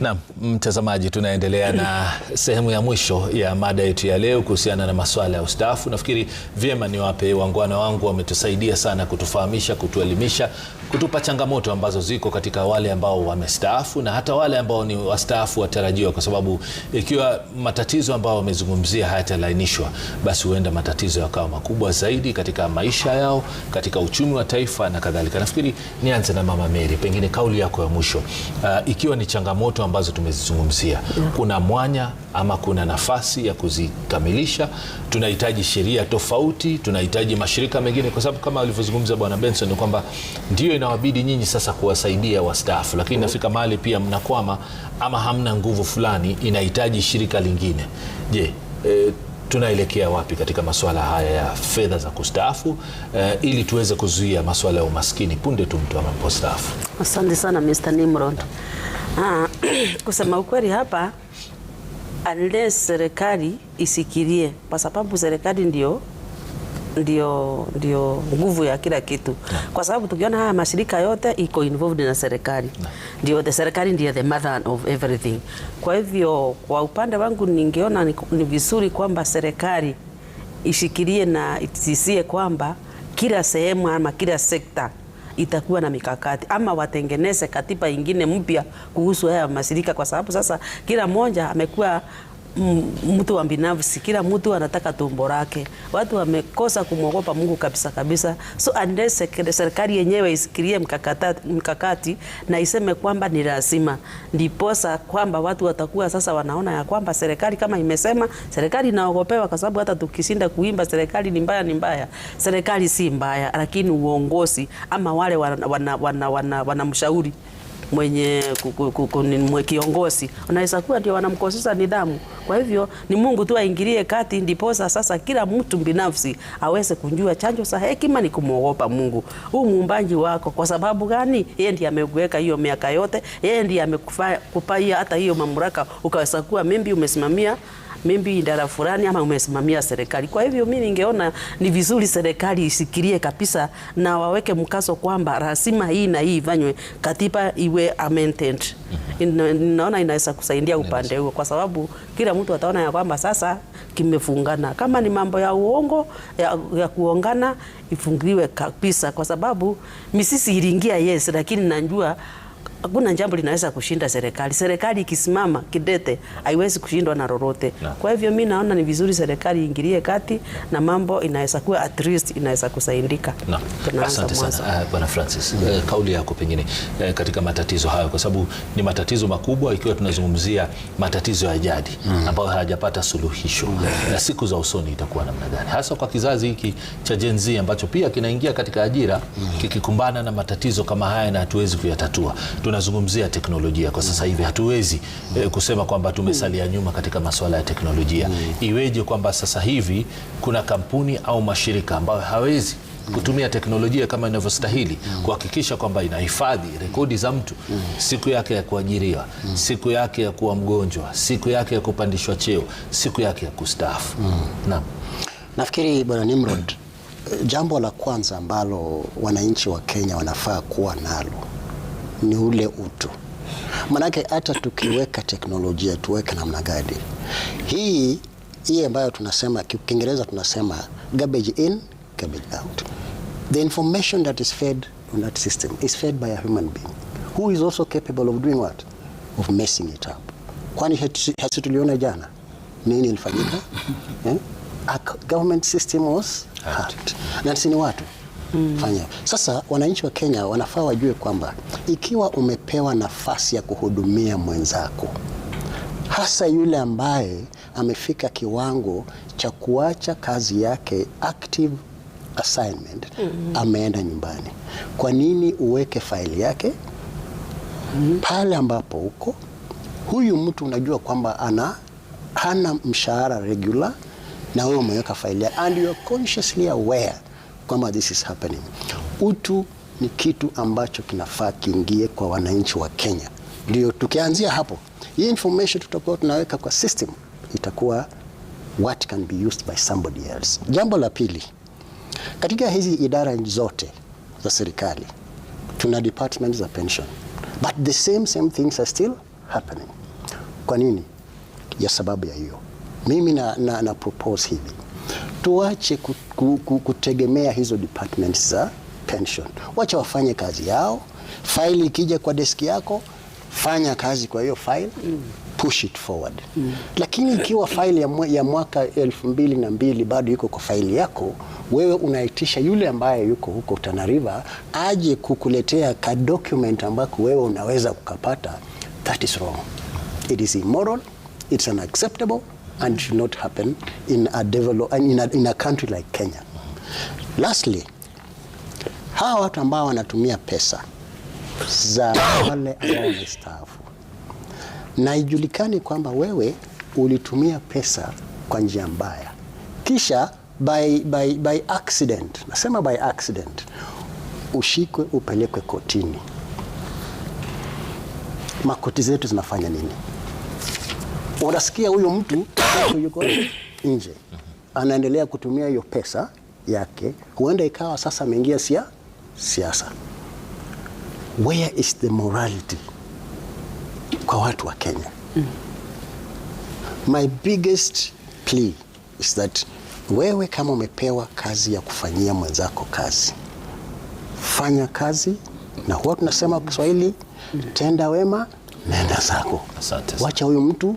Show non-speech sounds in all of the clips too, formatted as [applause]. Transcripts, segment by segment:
Na mtazamaji, tunaendelea na sehemu ya mwisho ya mada yetu ya leo kuhusiana na masuala ya ustaafu. Nafikiri vyema niwape wangwana wangu, wametusaidia sana kutufahamisha, kutuelimisha kutupa changamoto ambazo ziko katika wale ambao wamestaafu na hata wale ambao ni wastaafu watarajiwa, kwa sababu ikiwa matatizo ambayo wamezungumzia hayatalainishwa, basi huenda matatizo yakawa makubwa zaidi katika maisha yao, katika uchumi wa taifa na kadhalika. Nafikiri nianze na Mama Mary, pengine kauli yako ya mwisho. Uh, ikiwa ni changamoto ambazo tumezizungumzia, kuna mwanya ama kuna nafasi ya kuzikamilisha. Tunahitaji sheria tofauti, tunahitaji mashirika mengine, kwa sababu kama alivyozungumza Bwana Benson ni kwamba ndio inawabidi nyinyi sasa kuwasaidia wastaafu, lakini nafika mahali pia mnakwama ama hamna nguvu fulani, inahitaji shirika lingine. Je, e, tunaelekea wapi katika masuala haya ya fedha za kustaafu e, ili tuweze kuzuia masuala ya umaskini punde tu mtu amepostaafu? Asante sana Mr. Nimrod. Ah, [clears throat] kusema ukweli hapa unless serikali isikirie, kwa sababu serikali ndio ndio ndio nguvu ya kila kitu, kwa sababu tukiona haya mashirika yote iko involved na serikali, ndio the serikali ndio the mother of everything. Kwa hivyo kwa upande wangu ningeona ni vizuri kwamba serikali ishikirie na itisie kwamba kila sehemu ama kila sekta itakuwa na mikakati ama watengeneze katiba ingine mpya kuhusu haya mashirika, kwa sababu sasa kila mmoja amekuwa mtu wa binafsi, kila mtu anataka tumbo lake. Watu wamekosa kumwogopa Mungu kabisa kabisa. So unless serikali yenyewe isikirie mkakati, mkakati na iseme kwamba ni lazima, ndiposa kwamba watu watakuwa sasa wanaona ya kwamba serikali kama imesema, serikali inaogopewa, kwa sababu hata tukishinda kuimba serikali ni mbaya, ni mbaya. Serikali si mbaya, lakini uongozi ama wale wanamshauri wana, wana, wana, wana mwenye mwe kiongozi unaweza kuwa ndio wanamkosesa nidhamu. Kwa hivyo ni Mungu tu aingilie kati, ndiposa sasa kila mtu binafsi aweze kunjua chanjo za hekima ni kumwogopa Mungu huu muumbaji wako. Kwa sababu gani? Yeye ndiye amekuweka hiyo miaka yote, yeye ndiye amekupa hata hiyo mamlaka ukaweza kuwa mimbi umesimamia maybe idara fulani ama umesimamia serikali. Kwa hivyo mimi ningeona ni vizuri serikali isikirie kabisa na waweke mkazo kwamba lazima hii na hii ifanywe, katiba iwe amended. Mhm. Naona inaweza kusaidia upande huo, kwa sababu kila mtu ataona ya kwamba sasa kimefungana. Kama ni mambo ya uongo ya, ya kuongana, ifungiliwe kabisa, kwa sababu misisi iliingia yes, lakini najua hakuna jambo linaweza kushinda serikali. Serikali ikisimama kidete haiwezi kushindwa na lolote. Kwa hivyo mi naona ni vizuri serikali iingilie kati na mambo inaweza kuwa at least inaweza kusaidika. Asante sana ah, Bwana Francis, eh, kauli yako pengine eh, katika matatizo hayo, kwa sababu ni matatizo makubwa, ikiwa tunazungumzia matatizo ya jadi hmm. ambayo hayajapata suluhisho, hmm. na siku za usoni itakuwa namna gani, hasa kwa kizazi hiki cha Gen Z ambacho pia kinaingia katika ajira hmm. kikikumbana na matatizo kama haya, na hatuwezi kuyatatua tunazungumzia teknolojia kwa sasa hivi, hatuwezi eh, kusema kwamba tumesalia nyuma katika masuala ya teknolojia. Mm. Iweje kwamba sasa hivi kuna kampuni au mashirika ambayo hawezi mm. kutumia teknolojia kama inavyostahili mm. kuhakikisha kwamba inahifadhi rekodi za mtu, siku yake ya kuajiriwa, siku yake ya kuwa mgonjwa, siku yake ya kupandishwa cheo, siku yake ya kustaafu. Naam, nafikiri Bwana Nimrod, eh, jambo la kwanza ambalo wananchi wa Kenya wanafaa kuwa nalo ni ule utu. Manake hata tukiweka teknolojia tuweke namna gani hii hii ambayo tunasema Kiingereza tunasema garbage in garbage out. The information that is fed on that system is fed by a human being who is also capable of doing what of messing it up. Kwani hasi tuliona jana nini ilifanyika? [laughs] Eh? A government system was hacked. Na sisi ni watu mm. fanya. Sasa wananchi wa Kenya wanafaa wajue kwamba ikiwa umepewa nafasi ya kuhudumia mwenzako, hasa yule ambaye amefika kiwango cha kuacha kazi yake active assignment mm -hmm. ameenda nyumbani, kwa nini uweke faili yake mm -hmm. pale ambapo uko huyu mtu unajua kwamba ana hana mshahara regular na wewe umeweka faili and you are consciously aware kwamba this is happening. Utu ni kitu ambacho kinafaa kiingie kwa wananchi wa Kenya. Ndio tukianzia hapo, hii information tutakuwa tunaweka kwa system, itakuwa what can be used by somebody else. Jambo la pili, katika hizi idara zote za serikali tuna department za pension, but the same same things are still happening. Kwa nini? Ya sababu ya hiyo mimi na, na, na propose hivi tuache kutegemea hizo departments za pension, wacha wafanye kazi yao. Faili ikija kwa deski yako, fanya kazi kwa hiyo faili Push it forward mm. Lakini ikiwa faili ya mwaka elfu mbili na mbili bado iko kwa faili yako, wewe unaitisha yule ambaye yuko huko Tana River aje kukuletea ka document ambako wewe unaweza kukapata. That is wrong. It is immoral. It's unacceptable and should not happen in a, develop, in a, in a country like Kenya. Lastly, hawa watu ambao wanatumia pesa za wale ambao wamestaafu na ijulikane kwamba wewe ulitumia pesa kwa njia mbaya, kisha by, by, by accident, nasema by accident, ushikwe upelekwe kotini. Makoti zetu zinafanya nini? unasikia huyo mtu yuko nje anaendelea kutumia hiyo pesa yake, huenda ikawa sasa ameingia sia siasa. Where is the morality kwa watu wa Kenya? My biggest plea is that wewe kama umepewa kazi ya kufanyia mwenzako kazi, fanya kazi, na huwa tunasema Kiswahili, tenda wema nenda zako. Wacha huyu mtu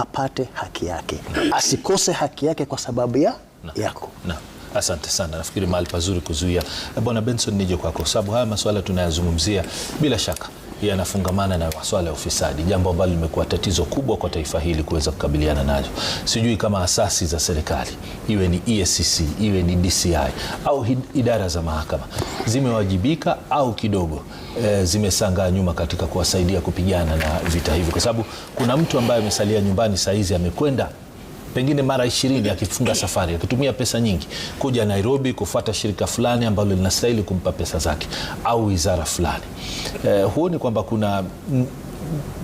apate haki yake, asikose haki yake kwa sababu ya na, yako na. Asante sana, nafikiri mahali pazuri kuzuia. Bwana Benson, nije kwako, sababu haya masuala tunayazungumzia bila shaka yanafungamana na masuala ya ufisadi, jambo ambalo limekuwa tatizo kubwa kwa taifa hili kuweza kukabiliana nayo Sijui kama asasi za serikali, iwe ni EACC, iwe ni DCI au idara za mahakama zimewajibika au kidogo e, zimesangaa nyuma katika kuwasaidia kupigana na vita hivi, kwa sababu kuna mtu ambaye amesalia nyumbani saa hizi amekwenda pengine mara ishirini akifunga safari akitumia pesa nyingi kuja Nairobi kufuata shirika fulani ambalo linastahili kumpa pesa zake au wizara fulani eh, huoni kwamba kuna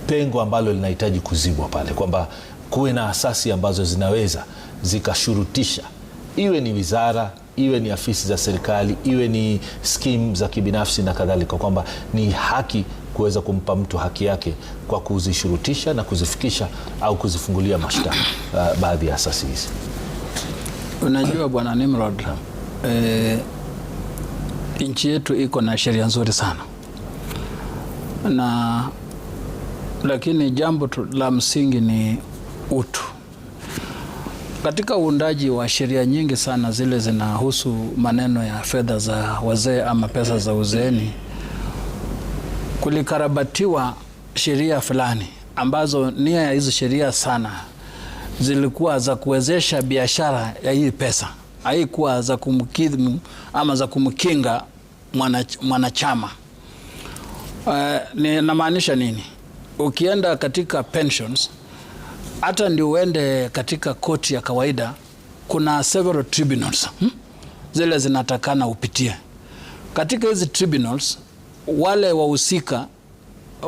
pengo ambalo linahitaji kuzibwa pale, kwamba kuwe na asasi ambazo zinaweza zikashurutisha iwe ni wizara iwe ni afisi za serikali, iwe ni skim za kibinafsi na kadhalika, kwamba ni haki kuweza kumpa mtu haki yake kwa kuzishurutisha na kuzifikisha au kuzifungulia mashtaka [clears throat] uh, baadhi ya asasi hizi. Unajua Bwana Nimrod, eh, nchi yetu iko na sheria nzuri sana na lakini jambo la msingi ni utu katika uundaji wa sheria nyingi sana zile zinahusu maneno ya fedha za wazee ama pesa za uzeeni, kulikarabatiwa sheria fulani ambazo nia ya hizi sheria sana zilikuwa za kuwezesha biashara ya hii pesa, haikuwa za kumkidhi ama za kumkinga mwanachama. Uh, eh, ninamaanisha nini? Ukienda katika pensions hata ndio uende katika koti ya kawaida kuna several tribunals hmm? Zile zinatakana upitie katika hizi tribunals. Wale wahusika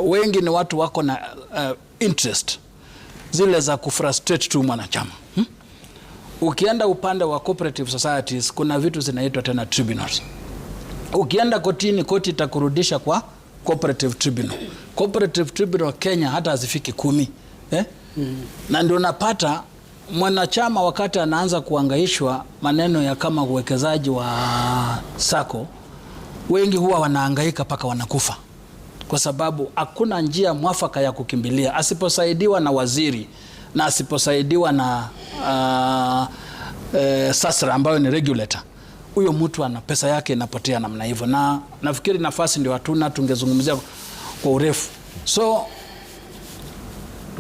wengi ni watu wako na uh, interest zile za kufrustrate tu mwanachama hmm? Ukienda upande wa cooperative societies kuna vitu zinaitwa tena tribunals. Ukienda kotini, koti itakurudisha kwa cooperative tribunal. Cooperative tribunal Kenya hata hazifiki kumi eh? mm. na ndio napata mwanachama wakati anaanza kuangaishwa maneno ya kama uwekezaji wa sako, wengi huwa wanaangaika mpaka wanakufa, kwa sababu hakuna njia mwafaka ya kukimbilia. Asiposaidiwa na waziri na asiposaidiwa na uh, e, SASRA ambayo ni regulator, huyo mtu ana pesa yake inapotea namna hivyo, na nafikiri nafasi ndio hatuna, tungezungumzia kwa urefu so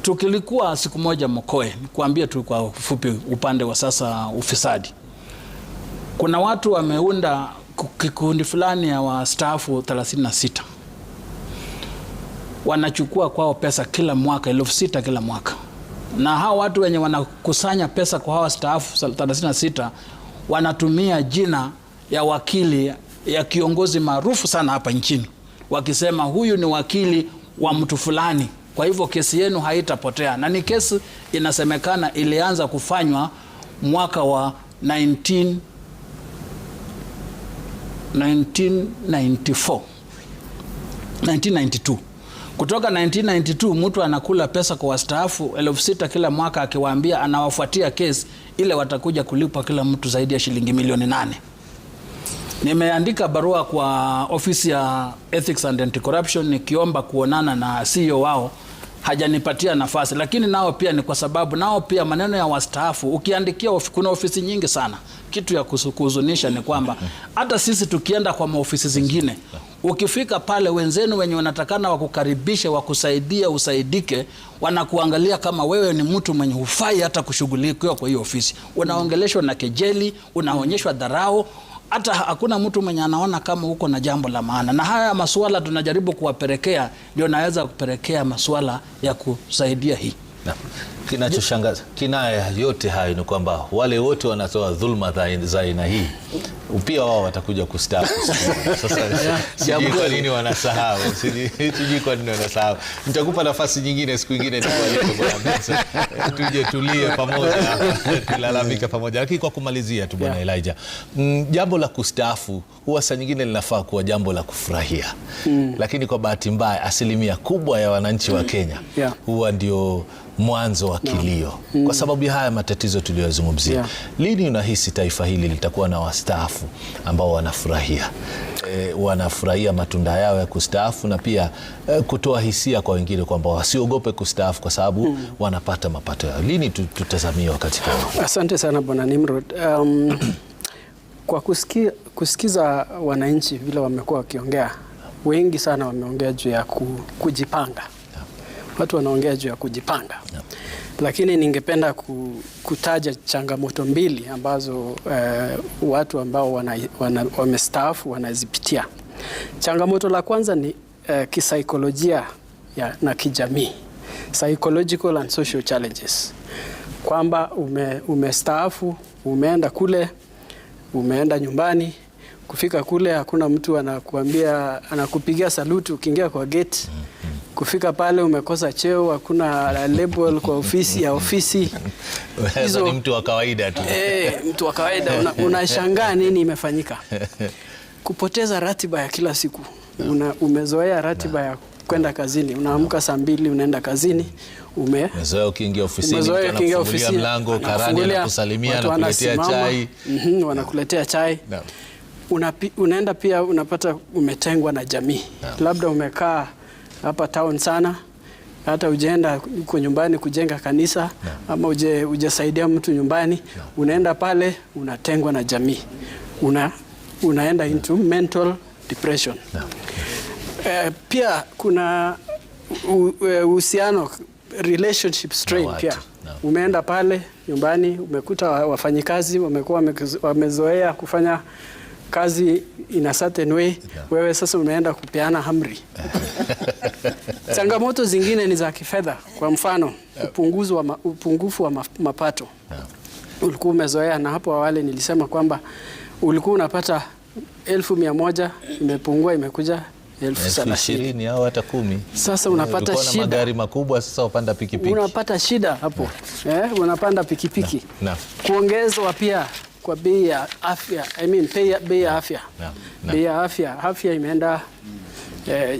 tukilikuwa siku moja Mkoe, nikuambie tu kwa ufupi, upande wa sasa ufisadi, kuna watu wameunda kikundi fulani ya wastaafu 36 wanachukua kwao pesa kila mwaka elfu sita kila mwaka, na hawa watu wenye wanakusanya pesa kwa hawa wastaafu 36 wanatumia jina ya wakili ya kiongozi maarufu sana hapa nchini, wakisema huyu ni wakili wa mtu fulani kwa hivyo kesi yenu haitapotea, na ni kesi inasemekana ilianza kufanywa mwaka wa 19, 1994, 1992 kutoka 1992 mtu anakula pesa kwa wastaafu elfu sita kila mwaka, akiwaambia anawafuatia kesi ile watakuja kulipa kila mtu zaidi ya shilingi milioni nane. Nimeandika barua kwa ofisi ya Ethics and Anti-Corruption nikiomba kuonana na CEO wao, hajanipatia nafasi, lakini nao pia ni kwa sababu nao pia maneno ya wastaafu ukiandikia of, kuna ofisi nyingi sana. Kitu ya kuhuzunisha ni kwamba hata sisi tukienda kwa maofisi zingine, ukifika pale wenzenu wenye wanatakana wakukaribishe, wakusaidia, usaidike, wanakuangalia kama wewe ni mtu mwenye hufai hata kushughulikiwa kwa hiyo ofisi. Unaongeleshwa na kejeli, unaonyeshwa dharau hata hakuna mtu mwenye anaona kama uko na jambo la maana, na haya masuala tunajaribu kuwapelekea, ndio naweza kupelekea masuala ya kusaidia hii na. Kinachoshangaza kina yote hayo ni kwamba wale wote wanatoa dhulma za aina hii pia wao watakuja kustaafu. Sasa [laughs] sijui kwa nini wanasahau, sijui kwa nini wanasahau. Nitakupa nafasi nyingine siku ingine tuje tulie pamoja tulalamika pamoja, lakini kwa kumalizia tu bwana Elijah, mm, jambo la kustaafu huwa saa nyingine linafaa kuwa jambo la kufurahia mm. Lakini kwa bahati mbaya asilimia kubwa ya wananchi wa mm. Kenya huwa yeah. ndio mwanzo wa kilio no. Mm. kwa sababu ya haya matatizo tuliyozungumzia yeah. Lini unahisi taifa hili litakuwa na wastaafu ambao wanafurahia e, wanafurahia matunda yao ya kustaafu na pia e, kutoa hisia kwa wengine kwamba wasiogope kustaafu kwa sababu mm. wanapata mapato yao. Lini tutazamia wakati huo? Asante sana Bwana Nimrod. Um, [clears throat] kwa kusikia, kusikiza wananchi vile wamekuwa wakiongea wengi sana wameongea juu ya ku, kujipanga. Watu wanaongea juu ya kujipanga. yeah lakini ningependa kutaja changamoto mbili ambazo eh, watu ambao wamestaafu wana, wanazipitia. Changamoto la kwanza ni eh, kisaikolojia ya, na kijamii, psychological and social challenges, kwamba ume, umestaafu umeenda kule umeenda nyumbani kufika kule hakuna mtu anakuambia anakupigia saluti ukiingia kwa gate kufika pale umekosa cheo, hakuna label kwa ofisi ya ofisi hizo, ni mtu wa kawaida tu eh, mtu wa kawaida unashangaa, una nini imefanyika, kupoteza ratiba ya kila siku una, umezoea ratiba ya kwenda kazini, unaamka saa mbili unaenda kazini, ume umezoea ukiingia ofisini, umezoea ukiingia ofisini, mlango karani na kusalimia na kuletea chai mm wanakuletea chai no. unaenda pia unapata umetengwa na jamii no. Labda umekaa hapa town sana, hata ujeenda uko nyumbani kujenga kanisa no. ama uje ujesaidia mtu nyumbani no. unaenda pale unatengwa na jamii una, unaenda into mental depression no. Uh, eh, pia kuna eh, uhusiano relationship strain pia no. Umeenda pale nyumbani umekuta wafanyikazi wamekuwa wamezoea kufanya kazi ina certain way yeah. Wewe sasa umeenda kupeana amri [laughs] changamoto zingine ni za kifedha, kwa mfano upungufu wa, ma, upungufu wa mapato yeah. Ulikuwa umezoea na hapo awali nilisema kwamba ulikuwa unapata elfu mia moja imepungua imekuja elfu ishirini au hata kumi. Sasa unapata shida, magari makubwa sasa upanda pikipiki, unapata shida hapo eh, unapanda pikipiki kuongezwa pia kwa bei ya afya I mean, bei ya afya bei ya afya afya imeenda eh,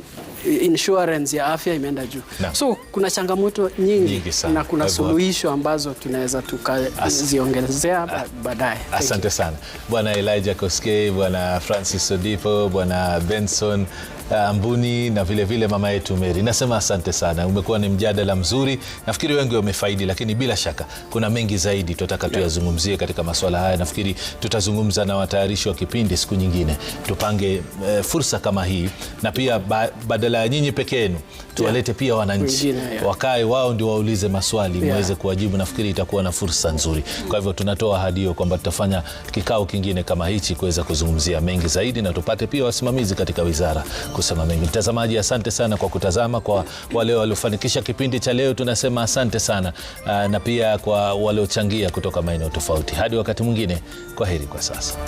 insurance ya afya imeenda juu So kuna changamoto nyingi, nyingi na kuna suluhisho ambazo tunaweza tukaziongezea baadaye. Asante sana Bwana Elijah koskey Bwana Francis Odipo, Bwana Benson Ah, Mbuni na vilevile vile mama yetu Meri. Nasema asante sana, umekuwa ni mjadala mzuri, nafikiri wengi wamefaidi, lakini bila shaka kuna mengi zaidi tunataka tuyazungumzie katika masuala haya. Nafikiri tutazungumza na watayarishi wa kipindi siku nyingine, tupange e, fursa kama hii, na pia ba, badala ya nyinyi peke yenu tuwalete pia wananchi wakae wao ndio waulize maswali mweze kuwajibu. Nafikiri itakuwa na fursa nzuri. Kwa hivyo tunatoa ahadi hiyo kwamba tutafanya kikao kingine kama hichi kuweza kuzungumzia mengi zaidi na tupate pia wasimamizi katika wizara kusema mengi. Mtazamaji, asante sana kwa kutazama. Kwa wale waliofanikisha kipindi cha leo tunasema asante sana, uh, na pia kwa waliochangia kutoka maeneo tofauti. Hadi wakati mwingine, kwa heri kwa sasa.